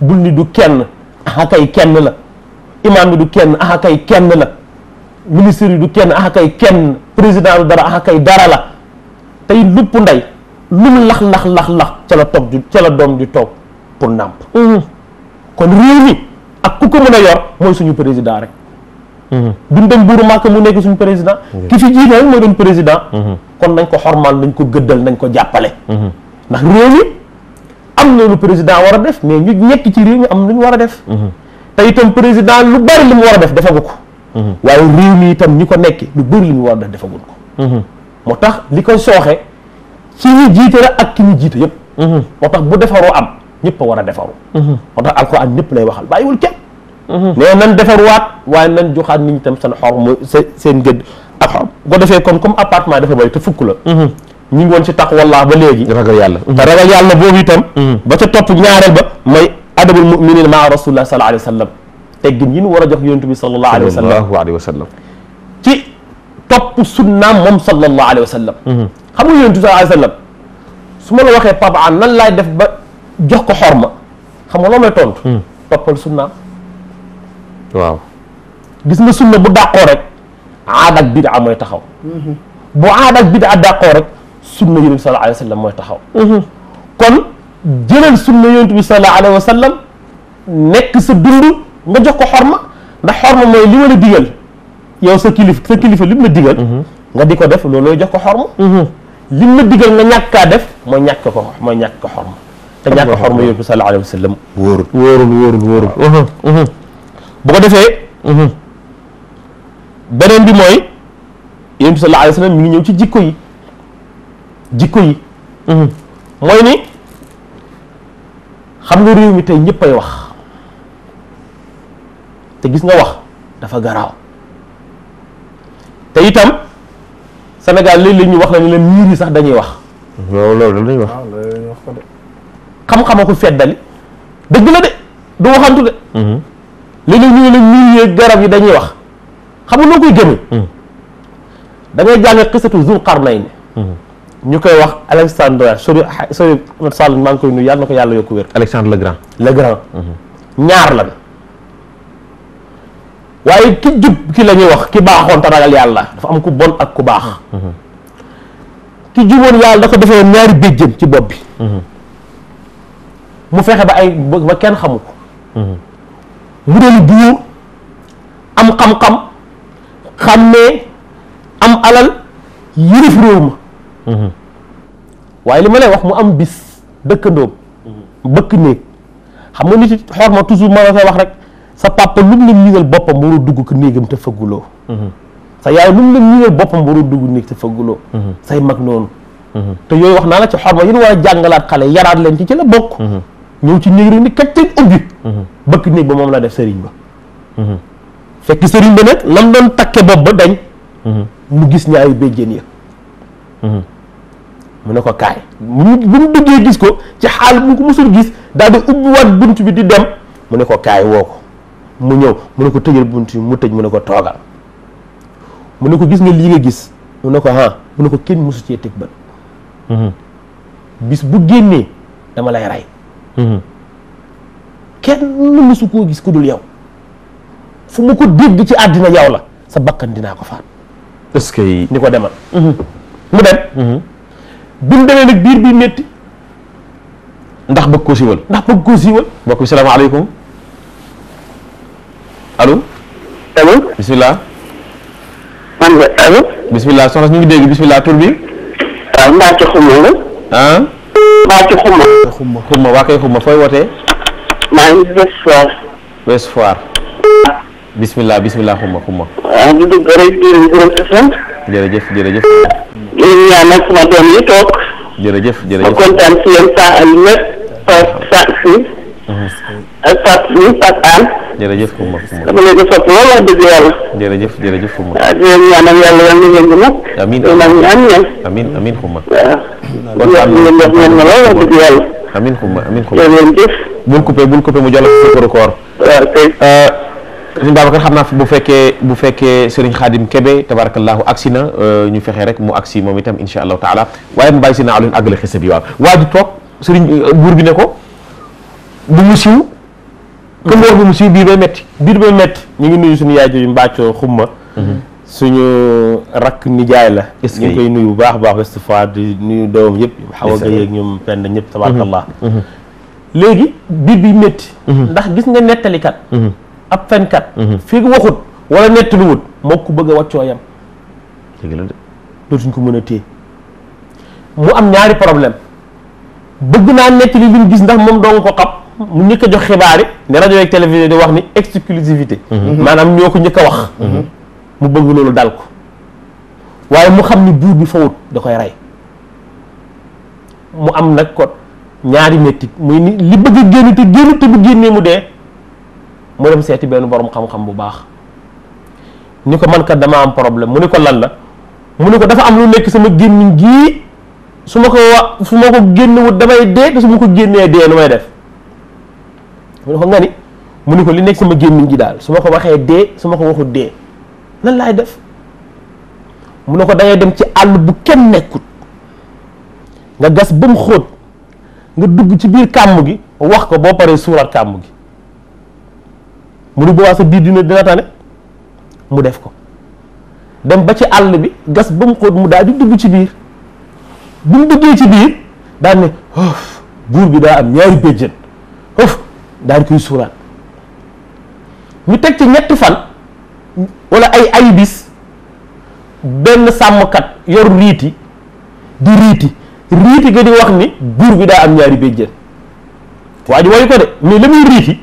bul ni du kenn aha kenn la imam du kenn aha kay kenn la ministre yi du kenn aha kay kenn président bi dara aha kay dara la tey lupp ndey lu lax lax lax lax ca la toog ju la doom di toog pour nàmp kon réew mi ak ku ko mën a yor mooy suñu président rek duñ mm-hmm. dem buuru màkk mu nekk suñu président mm-hmm. ki fi jiite la mooy doon président mm-hmm. kon nañ ko xormaal nañ ko gëddal nañ ko jàppale ndax réew mi am na président war a def mais ñu ñekk ci réew ñu am lu ñu war a def te itam président lu bari lu mu war a def defagu ko waaye réew mi tam ñi ko nekk lu bari li mu war a def defagul ko moo tax li koy sooxe si ñi jiite la ak ki ñu jiite yëpp moo tax bu defaroo am ñëpp a war a defaru moo tax alxuraan ñëpp lay Mhm. mais nan waat waaye nan joxaat nit ñi tam seen xorma seen gëdd ak xorma ko defee kon comme appartement dafa bëri te fukk la mhm. ñu ngi woon ci tax wallaahi ba léegi ragal yàlla te ragal yàlla boobu itam mhm. ba te topp ñaareel ba may adabul muminina maa rasulillah sallallahu alayhi wa sallam teggin yi ñu war a jox yonent bi sallallahu alayhi wa sallam ci topp sunnaam moom sallallahu alayhi wa sallam xam nga yonent bi sallallahu alayhi wa sallam su ma la waxee papa nan laay def ba jox ko xorma xam nga loo may tontu toppal sunnaam waaw gis nga sunna bu dàqoo rek aada ak bidaa mooy taxaw mhm. bu aada ak bidaa rek sunna yonent bi sallallahu alayhi mooy taxaw mhm. kon jëlal sunna yonent bi sallallahu alayhi wa sallam nekk sa dund nga jox ko xorma ndax xorma mooy li ma la digal yow sa kilif sa kilifa li mu la digal mhm. nga di ko def loolooy jox ko xorma li mu la digal nga ñàkk kaa def mooy ñàkk ko mooy ñàkk ko xorma te ñàkk xorma yonent bi sallallahu alayhi wa sallam wóorul bu ko defee mhm. beneen bi mooy yonent bi sallallahu alayhi wa sallam mi ngi ñëw ci jikko yi jikko yi mhm. mooy ni xam nga réew mi tey ñëpp ay wax te gis nga wax dafa garaaw te itam senegal léeg-léeg ñu wax la ni leen miir yi sax dañuy wax loolu loolu dañuy wax xam-xama feddali dëgg la de du waxantu de mhm. léeg-léeg ñu ne la milliers garab yi dañuy wax xam nga noo koy gëmee. Hmm. da ngay jàng xisatu Zul Qarnayn hmm. ñu koy wax Alexandre sori sori Sall maa ngi koy nuyu yàlla na ko yàlla yokku wér. Alexandre le Grand. le Grand. Hmm. ñaar lan waaye ki jub ki la ñuy wax ki baaxoon te ragal yàlla dafa am ku bon ak ku baax. ki juboon yàlla da ko defee ñaari béjjën ci bopp bi. mu fexe ba ay ba kenn xamu ko. mu doon buur am xam-xam xàmmee am alal yërëf réew ma mhm. waaye li ma lay wax mu am bis dëkkandoom bëkk néeg xam nga nit xorma toujours ma la koy wax rek sa papa lu mu la ñingal boppam waroo dugg ko néegam te fëgguloo mhm. sa yaay lu mu la ñingal boppam waroo dugg néeg te fëgguloo mhm. say mag noonu te yooyu wax naa la ci xorma yi ñu war a jàngalaat xale yaraat leen ci ci la bokk ñëw ci néeg rek ni kat teg ubbi mhm. bëkk néeg ba moom la def sëriñ ba mhm. fekk sëriñ ba nag lam doon takke bopp ba dañ mhm. mu gis ñaari béjjén ya mu ne ko kaay mu bu mu duggee gis ko ci xaal bu ko musul gis daal di ubbiwaat bunt bi di dem mu ne ko kaay woo ko mu ñëw mu ne ko tëjal bunt yi mu tëj mu ne ko toogal mu ne ko gis nga lii nga gis mu ne ko ah mu ne ko kenn musu cee teg bët bis bu génnee dama lay rey Mhm. kenn mësu koo gis ku dul yow fu mu ko dégg ci àddina yow la sa bakkan dinaa ko faat est-ce que ni ko demal mhm. mu dem mhm. buñ demee nag biir bi metti ndax bëgg koo siiwal ndax bëgg koo siiwal mbokk bi salaamaaleykum allo allo bisimilah man nga ñu ngi dégg bisimilah tur bi waaw mbaa ci xumul la ah maa ci xumma. xumma xumma waa fooy wootee. maa ngi West Foire. West Foire. bismillah bismillah xumma xumma. waaw di dugg rek di leen jërëjëf jërëjëf. ñu ngi ñaanal sama doom yi toog. jërëjëf jërëjëf ma kontaan si yéen saa ak ñëpp. ak Fatou Ndiou Fatou Anne. jërëjëf Koumba Koumba. dama leen jërëjëf jërëjëf Koumba. waaw ah, di leen ñaanal yàlla yal na bul coupé bul coupé mu jàll ak sa koor. xam naa bu fekkee bu fekkee sëriñ Khadim Kebe tabarakallahu agsi na euh, ñu fexe rek mu agsi moom itam incha allahu taala waaye mu bàyyi si naa àggle xisa bi waaw waa ji toog sëriñ euh, bi ne ko bu mu siiw comme wax bu mu siiw biir bay metti biir bay metti ñu ngi nuyu suñu yaay jooju mbàccoo xumma mhm. suñu rakk nijaay la ñu ngi koy nuyu bu baax baax Ouest Foire di nuyu doom yëpp xaw a gay ak ñoom pend ñëpp mhm. tabarakallah mhm. léegi biir bi métti ndax gis nga nettalikat ab fenkat fii waxut wala nettaluwut moo ko bëgg a waccoo yam dëgg la ko mën a téye mu am ñaari problème bëgg naa nettali li gis ndax moom doo nga ko xam mu njëkk a jox xibaar yi ne rajo yeeg télévision di wax ni exclusivité mhm. maanaam ñoo ko njëkk a wax mhm. mu bëgg loolu dal ko waaye mu xam ni buur bi fawut da koy rey mu am nag ko ñaari mettit muy ni li bëgg a génn te génn te bu génnee mu dee mu dem seeti benn borom xam-xam bu baax ni ko man kat dama am problème mu ni ko lan la mu ni ko dafa am lu nekk sama gémmiñ gii su ma ko wa su ma ko génnewut damay dee te su ma ko génnee dee nu may def mu ne ko nga ni mu ne ko li nekk sama gémmiñ gi daal su ma ko waxee dee su ma ko waxul dee nan laay def mu ne ko dangay dem ci àll bu kenn nekkut nga gas ba mu xóot nga dugg ci biir kàmm gi wax ko boo paree suuraat kàmm gi mu ni boobaa sa biir dina dina tane mu def ko dem ba ci àll bi gas ba mu xóot mu daal di dugg ci biir bu mu duggee ci biir daal ne buur bi daa am ñaari béjjën daal koy suuraat ñu teg ci ñetti fan wala ay ay bis benn sàmmkat yor riiti di riiti riiti ga di wax ni buur bi daa am ñaari béjjën waa ji wayu ko de mais la muy riiti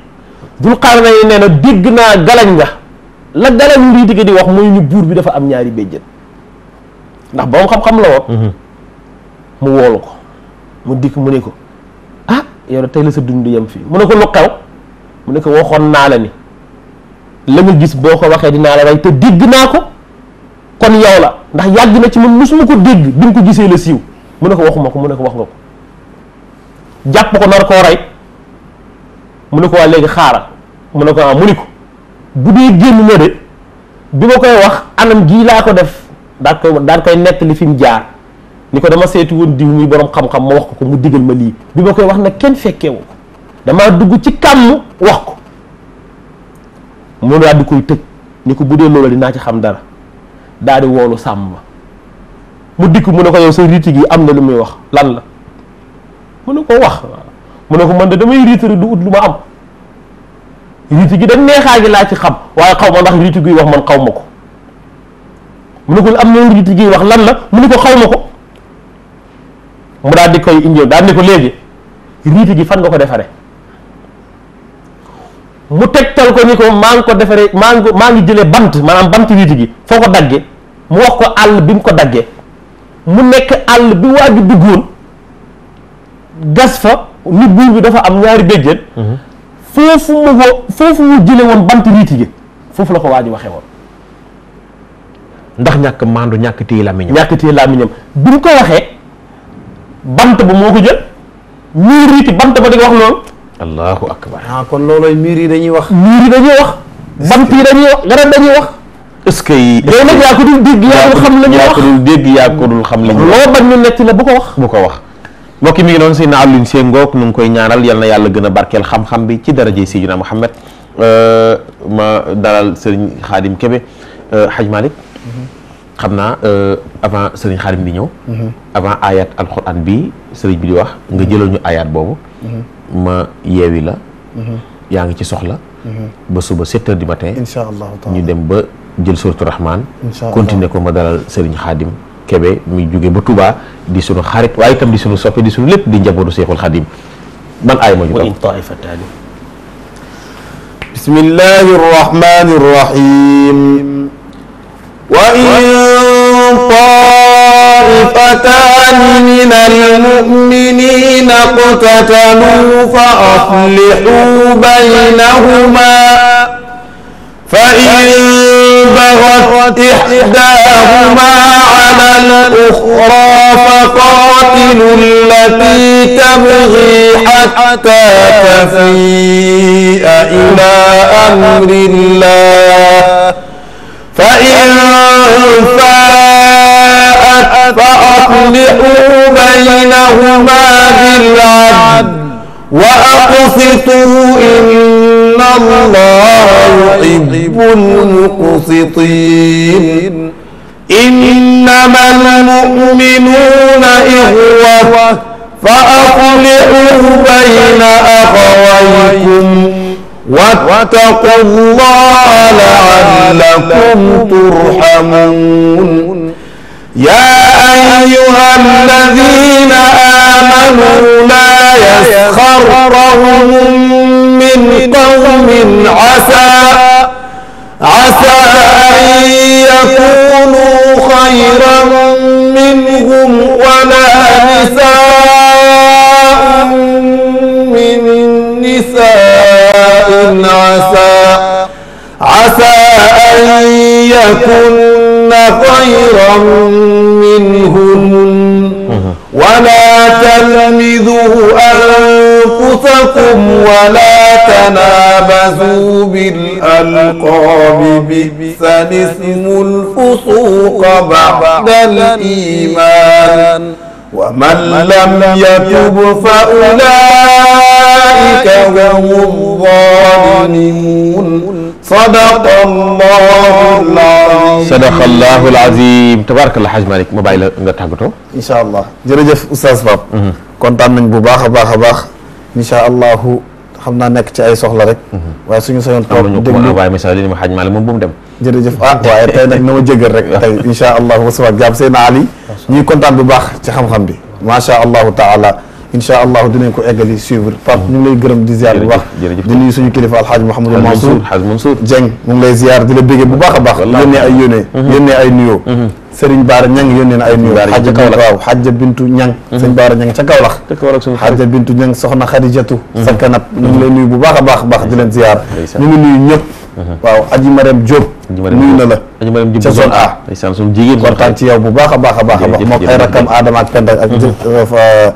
dul xaar na nee na dégg naa galañ nga la galañ riiti ga di wax mooy ni buur bi dafa am ñaari béjjën ndax boom xam-xam la woon mm-hmm. mu woolu ko mu dikk mu ne ko yow tey la sa dund yam fii mu ne ko lu xew mu ne ko waxoon naa la ni la nga gis boo ko waxee dinaa la rey te dégg naa ko kon yow la ndax yàgg na ci man musuma ko dégg bi nga ko gisee la siiw mu ne ko waxuma ko mu ne ko wax nga ko jàpp ko nar koo rey mu ne ko waa léegi xaaral mu ne ko ah mu ni ko bu dee génn na de bi ma koy wax anam gii laa ko def daal koy daal koy nettali fi mu jaar ni ko dama seeti woon diw muy borom xam-xam ma wax ko ko mu digal ma lii bi ma koy wax nag kenn fekkee wu ko damaa dugg ci kàmm wax ko mu daal di koy tëj ni ko bu dee loolu dinaa ci xam dara daal di woolu sàmm mu dikk mu ne ko yow sa riiti gi am na lu muy wax lan la mu ne ko wax mu ne ko man de damay riitari du lu ma am riiti gi dañ neexaa laa ci xam waaye xaw ma ndax riiti guy wax man xaw ma ko ko am na riiti giy wax lan la mu ne ko xaw ma ko mu daal di koy indil daal ne ko léegi riiti gi fan nga ko defaree mu tegtal ko ni ko maa ngi ko defaree maa ngi maa ngi jëlee bant maanaam bant riiti gi foo ko dagge mu ko àll bi mu ko daggee mu nekk àll bi waaju duggoon gas fa ni buur bi dafa am ñaari béjjén mhm. foofu mu ko foofu mu jële woon bant riiti gi foofu la ko waaju waxee woon ndax ñàkk maandu ñàkk téye làmmiñam ñàkk téye làmmiñam bi mu ko waxee bant ba moo ko jël miir yi ci bant ba di wax loolu. allahu akbar. ah kon loolooy miir yi dañuy wax. miir yi dañuy wax. bant yi dañuy wax garab dañuy wax. est-ce que yi. yow nag yaa ko dul dégg yaa xam la ñuy wax yaa ko wax. bu ko wax. bu ko wax mbokk mi ngi doon seen Alioune Sèye Ngok nu ngi koy ñaanal yal na yàlla gën a barkeel xam-xam bi ci daraje Seydina Mouhamed euh, ma dalal Serigne Khadim Kébé xaj euh, Malick mhm. xam naa euh, avant sëriñ xaarim di ñëw mm-hmm. avant ayat alxuraan bi sëriñ bi di wax nga jëlal ñu ayat boobu mm-hmm. ma yeewi la mm-hmm. yaa ngi ci soxla ba suba sept heures du matin incha allah ñu dem ba jël suratu rahman continuer ko ma dalal sëriñ xaadim Kebe mi jóge ba tubaa di sunu xarit waaye itam di sunu soppe di sunu lépp di njabootu Seexul Xaadim man aay ma ñu wa in وإن طائفتان من المؤمنين اقتتلوا فأصلحوا بينهما فإن بغت إحداهما على الأخرى فقاتلوا التي تبغي حتى تفيء إلى أمر الله فإن فاءت فأصلحوا بينهما بالعدل وأقسطوا إن الله يحب المقسطين إنما المؤمنون إخوة فأصلحوا بين أخويكم واتقوا الله لعلكم ترحمون يا أيها الذين آمنوا لا يسخر قوم من قوم عسى عسى أن يكونوا خيرا منهم ولا نساء عسى أن يكن خيرا منهن ولا تلمذوا أنفسكم ولا تنابزوا بالألقاب بئس الاسم الفسوق بعد الإيمان ومن لم يتب فأولئك هم الظالمون sadaqallahul aziim sadaqallahul aziim tabarakallah Haj Malick ma bàyyi la nga tàggatoo. incha allah jërëjëf oustaz Pape. Mhm. kontaan nañ bu baax a baax a baax. incha allahu xam naa nekk ci ay soxla rek. Mhm. waaye suñu sañoon toog déglu am na ñu ko waaye message li ma Haj Malick moom bu mu dem. jërëjëf ah waaye tey nag na ma jégal rek tey incha allahu wa salaam jàpp seen Ali. ñuy kontaan bu baax ci xam-xam bi. macha allahu taala. incha allah dinañ ko eggali suivre Pape ñu ngi lay gërëm di ziar bu baax di nuyu suñu kilifa alxaaj Mouhamadou Mansour Haj Mansour Dieng mu ngi lay ziar di la béggee bu baax a baax yónnee ay yónnee mhm. yónnee ay nuyoo mhm. Serigne Baara Ñang yónnee na ay nuyoo xaaja waaw xaaja bintu Ñang mhm. sëñ Baara Ñang ca Kaolack xaaja bintu Ñang soxna Xadijatu sa kanab ñu ngi lay nuyu bu baax a baax baax di leen ziar ñu ngi nuyu ñëpp waaw aji Mariam Diop nuyu na la ca zone A kontaan ci yow bu baax a baax a baax a baax moom ay rakam Adama ak Penda ak euh,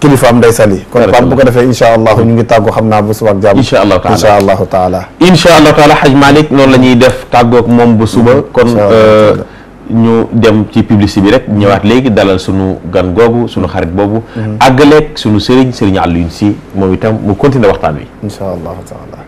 kilifaam day sali kon ko defee incha allahu ñu ngi tàggu xam naa bu suba ak jàmm incha allahu taala incha allahu taala incha allahu taala Haj Malick noonu la def tàggoog moom bu suba mm-hmm. kon euh, ñu dem ci publicité bi rek mm-hmm. ñëwaat léegi dalal sunu gan googu sunu xarit boobu mm-hmm. àggaleeg sunu sëriñ sëriñ Alioune si moom itam mu continuer waxtaan wi incha allahu taala